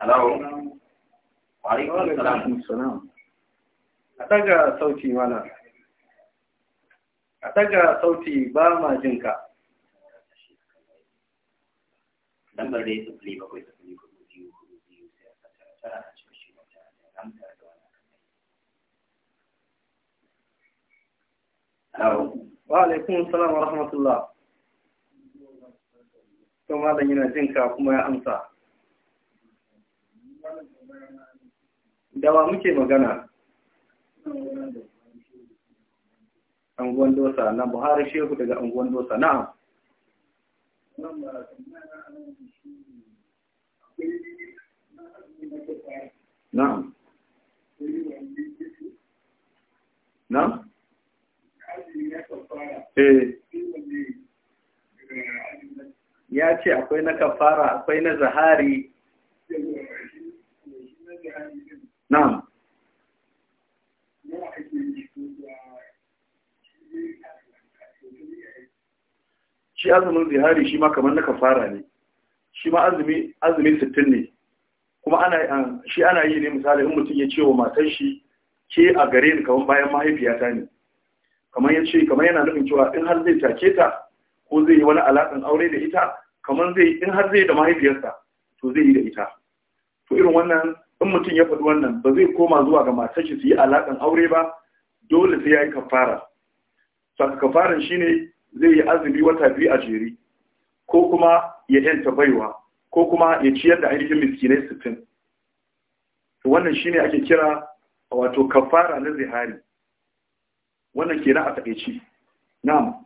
Alawo. Wa alaikun A daga sauti mana. A daga sauti ba ma jinka. Lambar da ya tafi bakwai tafi kudu biyu kudu biyu sai a kasa tara a cikin shi wata da ramta da wani akan Alawo. Wa alaikun salam wa rahmatullah. kan malam yana jin ka kuma ya amsa dawa muke magana anguwan dosa na buhari shehu daga anguwan dosa na. na'am na'am eh ya ce akwai na kafara akwai na zahari na'am shi azumin zahari shi ma kamar na kafara ne shi ma azumi azumi ne kuma ana shi ana yi ne misali in mutum ya ce wa matar shi ke a gare ni kamar bayan mahaifiyata ne kamar ya ce kamar yana nufin cewa in har zai take ta ko zai yi wani alaƙan aure da ita kamar zai in har zai da mahaifiyarsa to zai yi da ita to irin wannan in mutum ya faɗi wannan ba zai koma zuwa ga matar shi su yi alaƙan aure ba dole sai ya yi kafara saka kafaran shine zai yi azumi wata biyu a jere ko kuma ya yanta baiwa ko kuma ya ciyar da ainihin miskinai sittin to wannan shine ake kira wato kafara na zihari wannan kenan a taƙaice na'am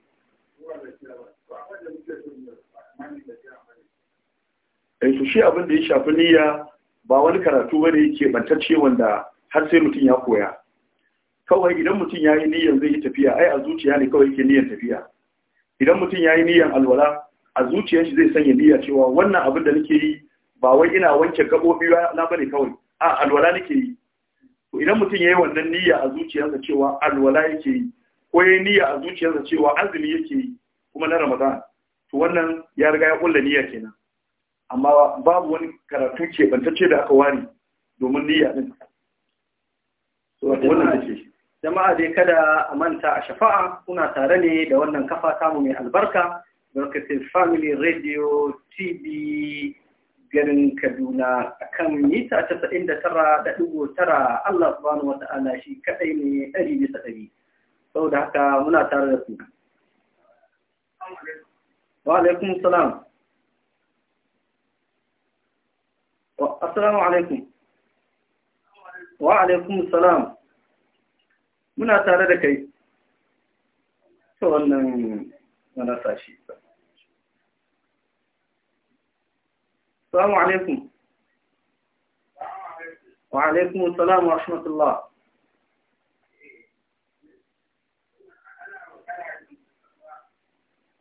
su eh, shi abin da ya shafi niyya ba wani karatu bane ke bantacce wanda har sai mutum ya koya kawai idan mutum ya yi niyyar zai yi tafiya ai a zuciya ne kawai ke niyyan tafiya idan mutum ya yi niyyar alwala a zuciyar shi zai sanya niyya cewa wannan abin da nake yi ba wai ina wanke gaɓoɓi na bane kawai a alwala nake yi to idan mutum ya yi wannan niyya a zuciyarsa cewa alwala yake yi ko ya yi niyya a zuciyarsa cewa azumi yake yi kuma na ramadan to wannan ya riga ya kulla niyya kenan amma babu wani karatu bantacce da aka ware domin niyya din wannan take jama'a dai kada a manta a shafa'a kuna tare ne da wannan kafa mu mai albarka barkatin family radio tv garin kaduna a kan mita 99.9 allah subhanahu wa ta'ala shi kadai ne 100 bisa Sau saboda haka muna tare da su wa alaikum salam assalamu alaikum wa alaikum salam muna tare da kai Ta wannan mana sashi. assalamu alaikum wa alaikum salam wa rahmatullah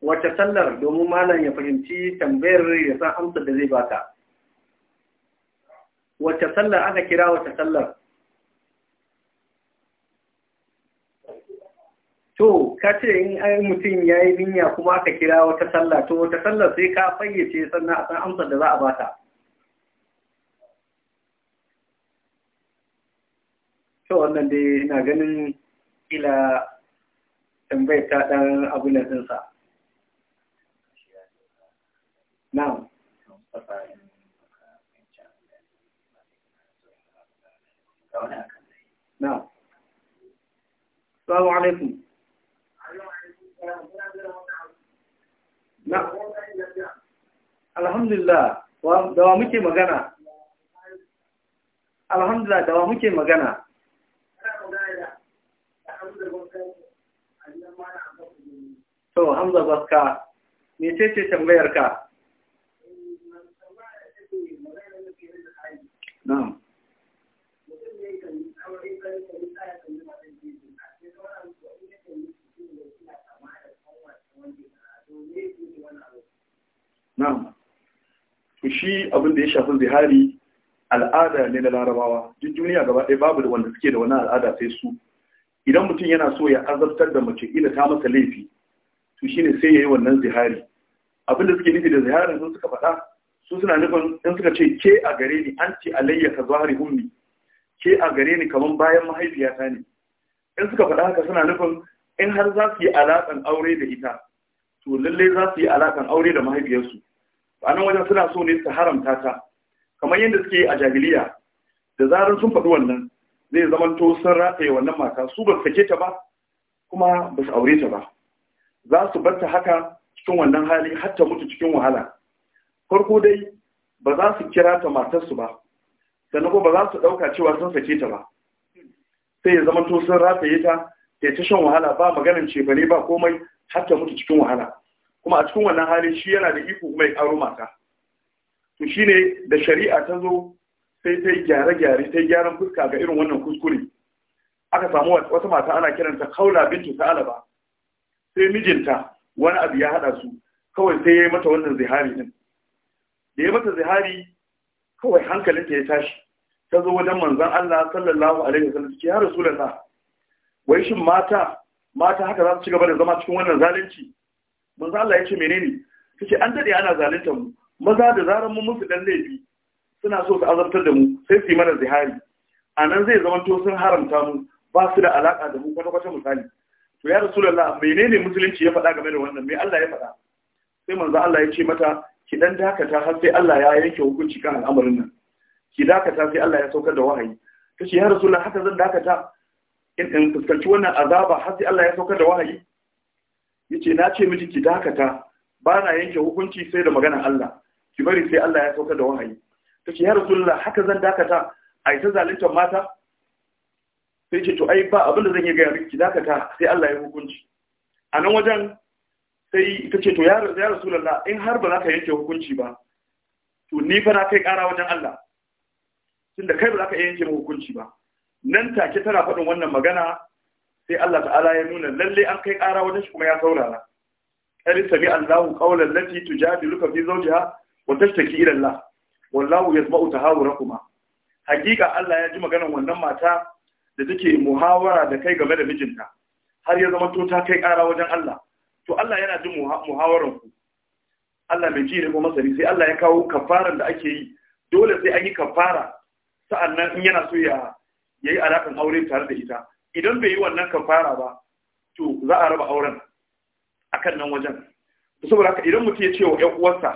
wata sallar domin malam ya fahimci tambayar ya san amsar da zai baka wata sallar aka kira wata sallar to ka ce in ai mutum ya yi binya kuma aka kira wata sallar to wata sallar sai ka fayyace sannan a san amsar da za a bata to wannan dai ina ganin ila tambayar ta dan abu na dinsa na'am na'am salamu alaikum na'am alhamdulillah da wa muke magana alhamdulillah da wa muke magana to hamza baska me ce tambayar ka na'am Ku shi abin da ya shafi zihari al'ada ne na larabawa duk duniya gaba ɗaya babu da wanda suke da wani al'ada sai su idan mutum yana so ya azabtar da mace ila ta masa laifi shi shine sai ya yi wannan zihari abin da suke nufi da ziharin sun suka faɗa su suna nufin in suka ce ke a gare ni an ce alayya ka zahari ummi ke a gare ni kaman bayan mahaifiyata ne in suka faɗa haka suna nufin in har za su yi alaƙan aure da ita to lalle za su yi alaƙan aure da mahaifiyarsu a nan wajen suna so ne su haramta ta kamar yadda suke a jahiliya da zarar sun faɗi wannan zai zamanto sun rataye wannan mata su ba su sake ta ba kuma ba su aure ta ba za su bar ta haka cikin wannan hali har ta mutu cikin wahala farko dai ba za su kira ta matarsu ba sannan ko ba za su ɗauka cewa sun sake ta ba sai ya zama to sun rataye ta ta ta shan wahala ba maganin ce ba ne ba komai har ta mutu cikin wahala kuma a cikin wannan hali shi yana da iko mai aro mata to shine da shari'a ta zo sai ta yi gyare-gyare ta yi gyaran fuska ga irin wannan kuskure aka samu wata mata ana kiranta kaula bintu ta'alaba sai mijinta wani abu ya haɗa su kawai sai ya yi mata wannan zihari din da ya mata zihari kawai hankalinta ya tashi ta zo wajen manzan Allah sallallahu alaihi sallam ce ya rasulullah wai shin mata mata haka za su ci gaba da zama cikin wannan zalunci manzan Allah ya ce menene kace an dade ana zalunta mu maza da zaran mun musu dan laifi suna so su azabtar da mu sai su yi mana zihari anan zai zama to sun haramta mu ba su da alaka da mu kwata kwata misali to ya rasulullah menene musulunci ya faɗa game da wannan me Allah ya faɗa sai manzo Allah ya ce mata ki dan dakata har sai Allah ya yanke hukunci kan al'amarin nan ki dakata sai Allah ya saukar da wahayi kace ya rasulullah haka zan dakata in in fuskanci wannan azaba har sai Allah ya saukar da wahayi yace na ce miki ki dakata ba na yanke hukunci sai da maganar Allah ki bari sai Allah ya saukar da wahayi kace ya rasulullah haka zan dakata ai ta zaluntar mata sai ce to ai ba abin da zan yi ga ki dakata sai Allah ya hukunci a nan wajen sai ita ce to ya rasulallah in har ba za ka yanke hukunci ba to ni fa na kai ƙara wajen Allah tunda kai ba za ka yanke mu hukunci ba nan take tana faɗin wannan magana sai Allah ta'ala ya nuna lalle an kai kara wajen shi kuma ya saurara qad sami Allahu qawlan lati tujadiluka fi zawjiha wa tashtaki ila Allah wallahu yasma'u tahawurakuma hakika Allah ya ji maganar wannan mata da take muhawara da kai game da mijinta har ya zama to ta kai kara wajen Allah to Allah yana jin muhawaran ku Allah mai jire kuma masari sai Allah ya kawo kafaran da ake yi dole sai an yi kafara sa'annan in yana so ya yayi alakan aure tare da ita idan bai yi wannan kafara ba to za a raba auren akan nan wajen saboda haka idan mutum ya ce wa ƴan uwarsa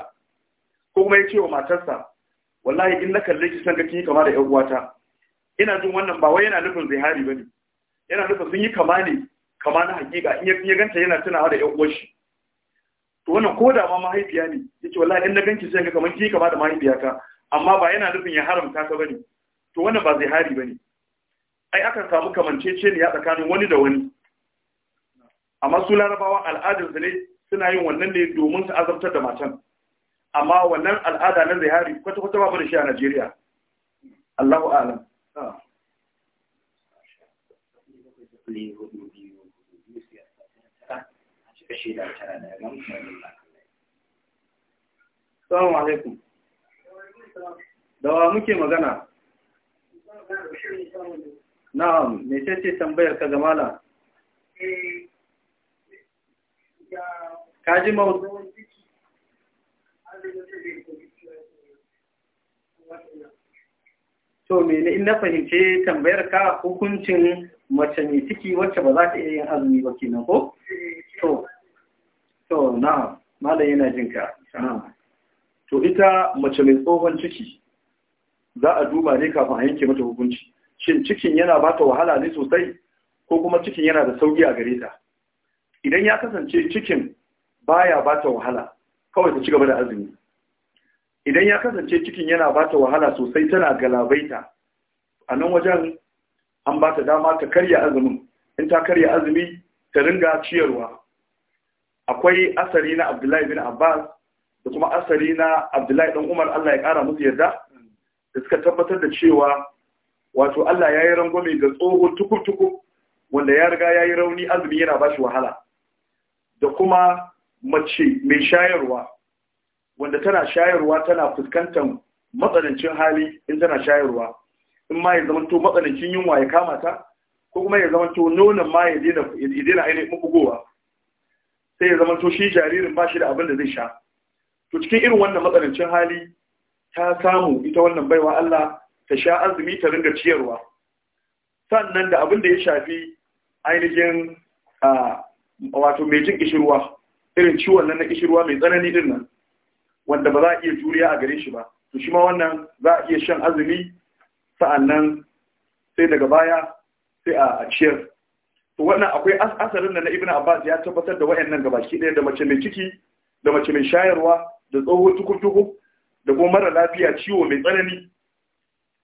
ko kuma ya ce wa matarsa wallahi in na kalle ki san kake kama da ƴan uwata ina jin wannan ba wai yana nufin zihari bane yana nufin sun yi kama ne kama na hakika in ya ganta yana tunawa da ƴan uwar shi to wannan ko da ma mahaifiya ne yace wallahi in na ganki sai ga kamar ki kama da mahaifiyata amma ba yana nufin ya haramta ka bane to wannan ba zai hari bane ai akan samu ne ya tsakanin wani da wani amma su larabawa al'adar su ne suna yin wannan ne domin su azabtar da matan amma wannan al'ada na hari kwata-kwata ba da shi a Najeriya Allahu a'lam ta shaida tana da ga mutane Assalamu alaikum. Da wa muke magana? Na'am, me ce ce tambayar ka ga mala? Kaji mawdu To mene in na fahimce tambayar ka hukuncin mace mai ciki wacce ba za ta iya yin azumi ba kenan ko? To, to na malam yana jin ka to ita mace mai tsohon ciki za a duba ne kafin a yanke mata hukunci shin cikin yana ba ta wahala ne sosai ko kuma cikin yana da sauki a gare ta idan ya kasance cikin baya ba ta wahala kawai ta ci gaba da azumi idan ya kasance cikin yana ba ta wahala sosai tana galabaita a nan wajen an ba ta dama ta karya azumin in ta karya azumi ta ringa ciyarwa akwai asari na Abdullahi bin Abbas da kuma asari na Abdullahi dan Umar Allah ya kara musu yarda da suka tabbatar da cewa wato Allah ya yi rangwame ga tsohon tukutuku, tukur wanda ya riga ya yi rauni azumi yana ba shi wahala da kuma mace mai shayarwa wanda tana shayarwa tana fuskantar matsanancin hali in tana shayarwa in ma ya zamanto matsanancin yunwa ya kama ta ko kuma ya zamanto nonon ma ya daina ainihin bugowa sai ya zama to shi jaririn ba shi da abin da zai sha to cikin irin wannan matsanancin hali ta samu ita wannan baiwa Allah ta sha azumi ta ringa ciyarwa sannan da abin da ya shafi ainihin wato mai jin kishirwa irin ciwon nan na kishirwa mai tsanani din nan wanda ba za a iya juriya a gare shi ba to shi ma wannan za a iya shan azumi sa'annan sai daga baya sai a ciyar to wannan akwai asarin da na ibn abbas ya tabbatar da wayannan gabaki ɗaya da mace mai ciki da mace mai shayarwa da tsoho tukurtuku da kuma mara lafiya ciwo mai tsanani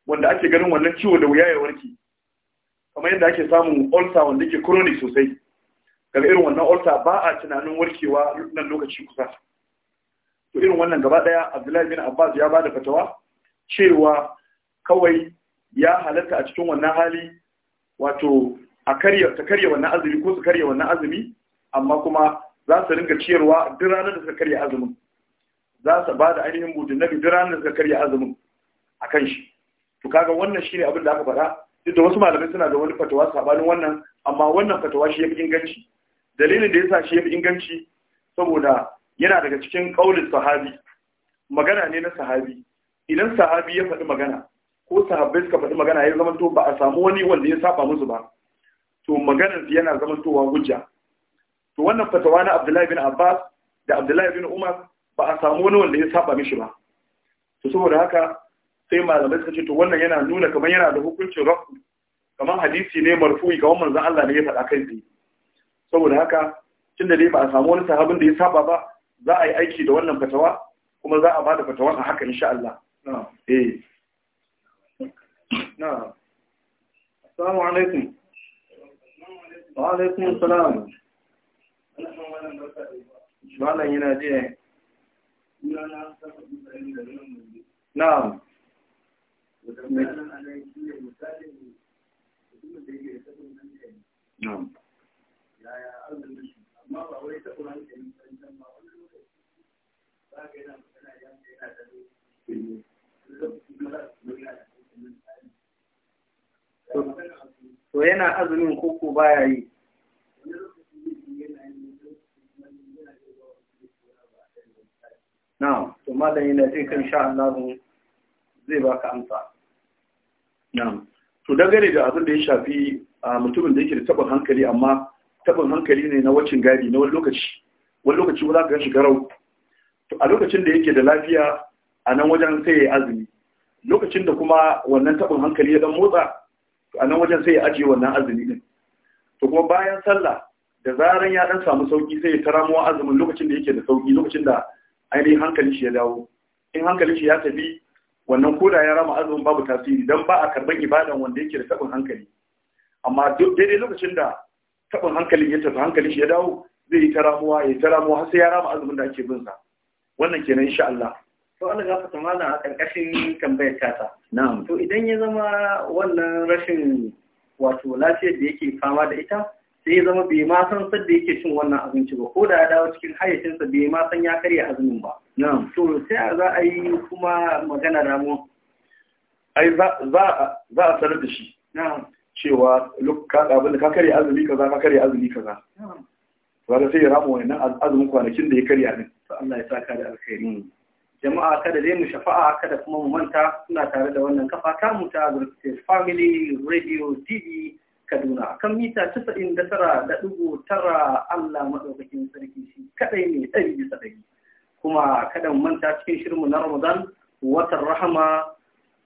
wanda ake ganin wannan ciwo da wuya ya warke kamar yadda ake samun ulcer wanda ke chronic sosai kaga irin wannan ulcer ba a tunanin warkewa nan lokaci kusa to irin wannan gaba daya Abdullahi bin Abbas ya bada fatawa cewa kawai ya halatta a cikin wannan hali wato a karya ta karya wannan azumi ko su karya wannan azumi amma kuma za su ringa ciyarwa duk ranar da suka karya azumin za su ba da ainihin budin na duk ranar da suka karya azumin a kan shi to kaga wannan shine abin da aka faɗa duk da wasu malamai suna da wani fatawa sabanin wannan amma wannan fatawa shi yafi inganci dalilin da yasa shi yafi inganci saboda yana daga cikin kaulin sahabi magana ne na sahabi idan sahabi ya faɗi magana ko sahabbai suka faɗi magana ya zama to ba a samu wani wanda ya saba musu ba to maganar yana zamantowa hujja to wannan fatawa na Abdullahi bin Abbas da Abdullahi bin Umar ba a samu wani wanda ya saba mishi ba to saboda haka sai malamai suka ce to wannan yana nuna kamar yana da hukuncin rafu kamar hadisi ne marfu'i ga wannan zan Allah ne ya faɗa kai tsaye saboda haka tunda dai ba a samu wani sahabin da ya saba ba za a yi aiki da wannan fatawa kuma za a bada fatawa a haka insha Allah na'am eh na'am assalamu alaikum Wa alaikun salam. Malam yana je. Na'am. Na'am. to yana azumin koko baya yi na to malam yana zai kan sha Allah zai baka amsa na to dangane da abin da ya shafi mutumin da yake da tabin hankali amma tabin hankali ne na wacin gadi na wani lokaci wani lokaci wani ka shiga rau to a lokacin da yake da lafiya a nan wajen sai ya yi azumi lokacin da kuma wannan tabin hankali ya dan motsa a nan wajen sai ya ajiye wannan azumi din to kuma bayan sallah da zaran ya dan samu sauki sai ya taramuwa azumin lokacin da yake da sauki lokacin da ainihin hankalin shi ya dawo in hankalin shi ya tafi wannan koda ya rama azumin babu tasiri dan ba a karban ibadan wanda yake da tabin hankali amma duk daidai lokacin da tabin hankalin ya tafi hankalin shi ya dawo zai yi taramuwa ya taramuwa har sai ya rama azumin da ake bin sa wannan kenan insha Allah to za su fata a ƙarƙashin tambayar tata na'am to idan ya zama wannan rashin wato lafiyar da yake fama da ita sai ya zama bai ma san sadda yake cin wannan abinci ba ko da ya dawo cikin hayyacinsa bai ma san ya karya azumin ba na'am to sai za a yi kuma magana da mu ai za a sanar da shi cewa abinda ka karya azumi kaza ka karya azumi kaza ba da sai ya ramu wani wannan azumin kwanakin da ya karya din Allah ya sa ka da alkhairi hmm. jama'a kada zai mu shafa'a kada kuma mu manta suna tare da wannan kafa ta mu ta Gulfis Family Radio TV Kaduna kan mita 99.9 Allah madaukakin sarki shi kadai ne ɗari bisa ɗari kuma kada mu manta cikin shirinmu na Ramadan watan rahama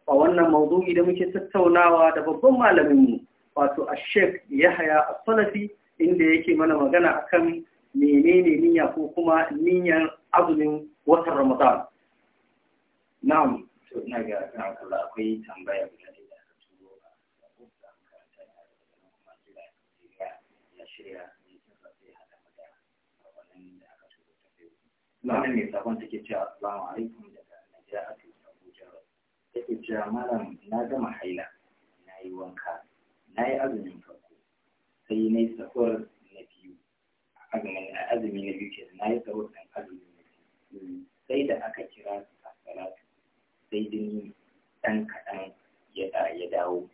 a wannan maudu'i da muke tattaunawa da babban malamin mu, wato a Sheikh Yahaya a salafi inda yake mana magana akan menene niyya ko kuma niyyar azumin watan Ramadan Na'am, to ina ga kana kula akwai tambaya guda ne da aka turo a rubuta makaranta ya da kuma jira ya ya shirya ne ta zafi hada mada a wannan da aka turo ta biyu. Wannan mai sabon take cewa assalamu alaikum daga Najeriya a cikin Abuja. Take cewa malam na gama haila na yi wanka na yi azumin farko sai na yi sahur na biyu azumin azumi na biyu ke na yi sahur ɗan azumi na biyu hmm. sai da aka kira salatu sai dai ɗan kaɗan ya dawo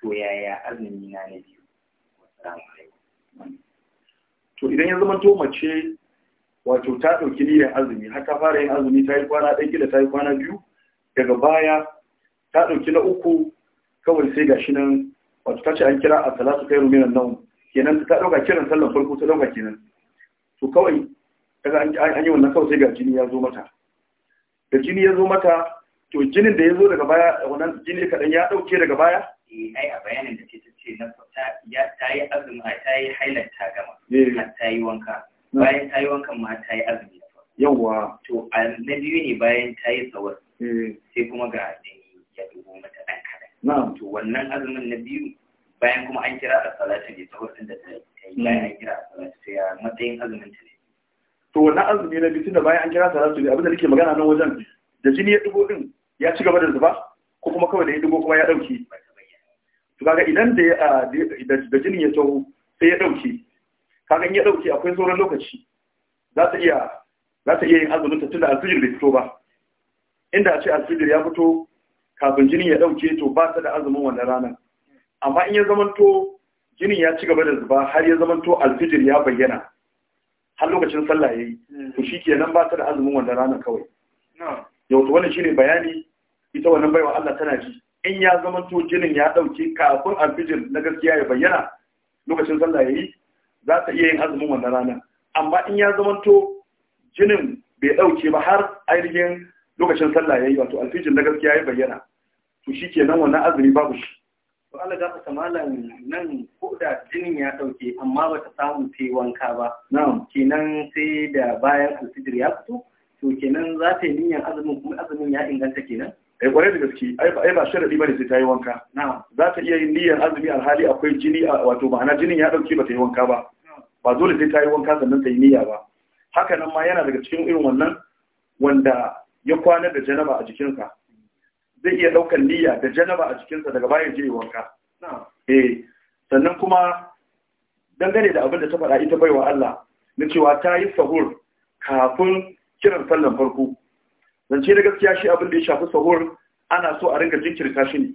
to yaya azumi na na biyu to idan ya zama to mace wato ta ɗauki niyyar azumi har fara yin azumi ta yi kwana ɗan gida ta yi kwana biyu daga baya ta ɗauki na uku kawai sai ga shi nan wato ta ce an kira a salatu kai ruminan nan kenan ta ɗauka kiran sallan farko ta ɗauka kenan to kawai daga an yi wannan kawai sai ga jini ya zo mata da jini ya zo mata to jinin da ya zo daga baya wannan jini kaɗan ya ɗauke daga baya? Eh, ai a bayanin da ta ce na ta yi azumi ta yi highlight ta gama, eh. ta yi wanka. Bayan ta yi wankan ma ta yi azumi. Yawwa. To a na biyu ne bayan ta yi tsawar. Eh. Sai kuma ga jini ya dubo mata ɗan kaɗan. Na'am. To wannan azumin na biyu bayan kuma an kira a salatu ne tsawar din da ta yi bayan an kira a salatu sai ya matsayin azumin ta ne. To wannan azumi na biyu tunda da bayan an kira salatu abin da nake magana nan wajen da jini ya dubo ɗin ya ci gaba da zuba ko kuma kawai da ya dugo kuma ya ɗauki. to kaga idan da da jinin ya taho sai ya dauke kaga in ya dauke akwai sauran lokaci za ta iya za ta iya yin azumin ta tunda alfijir bai fito ba inda a ce alfijir ya fito kafin jinin ya dauke to ba ta da azumin wannan ranar amma in ya zamanto jinin ya ci gaba da zuba har ya zamanto alfijir ya bayyana har lokacin sallah yayi to shikenan ba ta da azumin wannan ranar kawai yau to wannan shine bayani ita wannan baiwa Allah tana ji in ya zama to jinin ya dauke kafin alfijir na gaskiya ya bayyana lokacin sallah yayi za ta iya yin azumin wannan rana amma in ya zama to jinin bai dauke ba har ainihin lokacin sallah yayi wato alfijir na gaskiya ya bayyana to shikenan wannan azumi babu shi to Allah ga ta malam nan ko da jinin ya dauke amma bata samu ta wanka ba na'am kenan sai da bayan alfijir ya fito to kenan za ta yi niyyar azumin kuma azumin ya inganta kenan ai eh, kware da gaske ai ba sharadi bane sai ta yi wanka za ta iya yin niyyar azumi alhali akwai jini wato ma'ana jinin ya dauke ba ta yi wanka ba ba dole sai ta yi wanka sannan ta yi niyya ba haka nan ma yana daga cikin irin wannan wanda ya kwana da janaba a jikinsa zai iya ɗaukan niyya da janaba a jikinsa daga baya je wanka eh sannan kuma dangane da abin da ta faɗa ita baiwa Allah na cewa ta yi sahur kafin kiran sallan farko zance na gaskiya shi abin da ya shafi sahur ana so a ringa jinkirta shi ne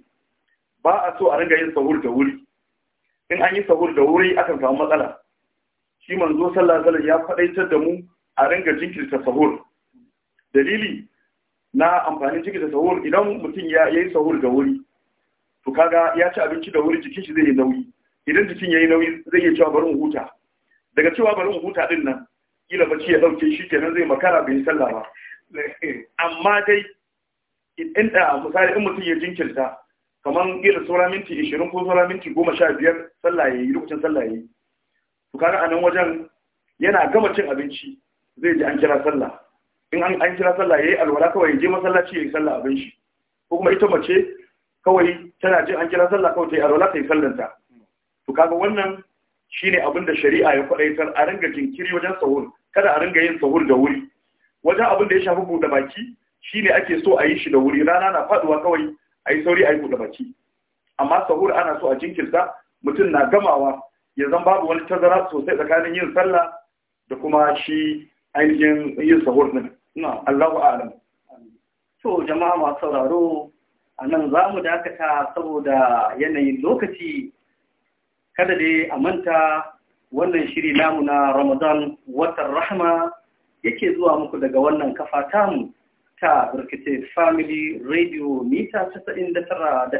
ba a so a ringa yin sahur da wuri in an yi sahur da wuri akan samu matsala shi manzo sallallahu alaihi ya faɗaitar da mu a ringa jinkirta sahur dalili na amfanin jinkirta sahur idan mutum ya yi sahur da wuri to kaga ya ci abinci da wuri jikin shi zai yi nauyi idan jikin ya yi nauyi zai iya cewa bari mu huta daga cewa bari mu huta din nan kila bacci ya dauke shi kenan zai makara bai sallah ba amma dai in da misali in mutum ya jinkirta kamar irin sauran minti 20 ko sauran minti 15 sallah yayi lokacin sallah yayi to kaga anan wajen yana gama cin abinci zai ji an kira sallah in an an kira sallah yayi alwala kawai ya je masallaci yayi sallah abin shi ko kuma ita mace kawai tana jin an kira sallah kawai ta yi alwala ta yi sallanta to kaga wannan shine abin da shari'a ya faɗaitar a ringa jinkiri wajen sahur kada a ringa yin sahur da wuri wajen abin da ya shafi buɗe baki shi ne ake so a yi shi da wuri rana na faɗuwa kawai a yi sauri a yi buɗe baki amma sahur ana so a jinkirta mutum na gamawa ya zan babu wani tazara sosai tsakanin yin sallah da kuma shi ainihin yin sahur ɗin na Allahu a'lam so jama'a masu sauraro a nan za mu dakata saboda yanayin lokaci kada dai a manta wannan shiri namu na Ramadan watan rahma yake zuwa muku daga wannan kafa mu ta burkite family radio mita da da tara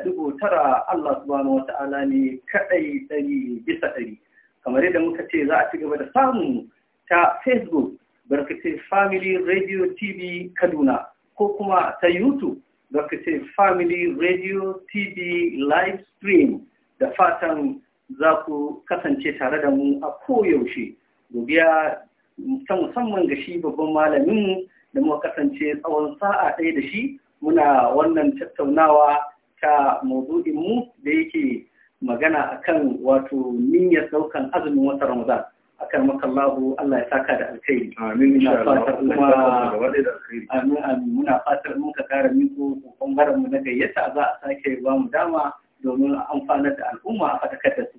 tara Allah subhanahu ta'ala ne kaɗai ɗari bisa ɗari kamar yadda muka ce za a ci gaba da samu ta facebook burkite family radio tv kaduna ko kuma ta youtube burkite family radio tv live stream da fatan za ku kasance tare da mu a koyaushe gobiya ta musamman ga shi babban malamin da muka kasance tsawon sa'a ɗaya da shi muna wannan tattaunawa ta maudu'in mu da yake magana akan wato niyyar daukan azumin wata Ramadan akan makallahu Allah ya saka da alkhairi amin amin muna fatar mun ka kara miko bangaren mu na gayyata za a sake ba mu dama domin amfanar da al'umma a fatakar da su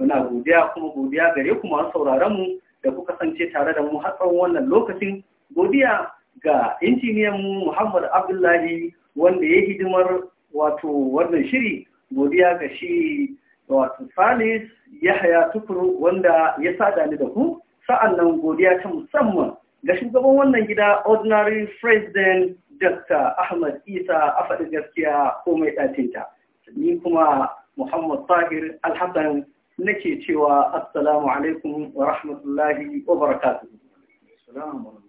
muna godiya kuma godiya gare ku masu sauraron mu da kuka kasance tare da mu har wannan lokacin godiya ga injiniyan mu Muhammad Abdullahi wanda ya hidimar wato wannan shiri godiya ga shi wato Salis Yahya Tukuru wanda ya sada ni da ku sa'annan godiya ta musamman ga shugaban wannan gida ordinary president Dr. Ahmad Isa a faɗi gaskiya komai ɗacinta. Ni kuma Muhammad Tahir Alhassan nake cewa assalamu alaikum wa rahmatullahi wa barakatuhu.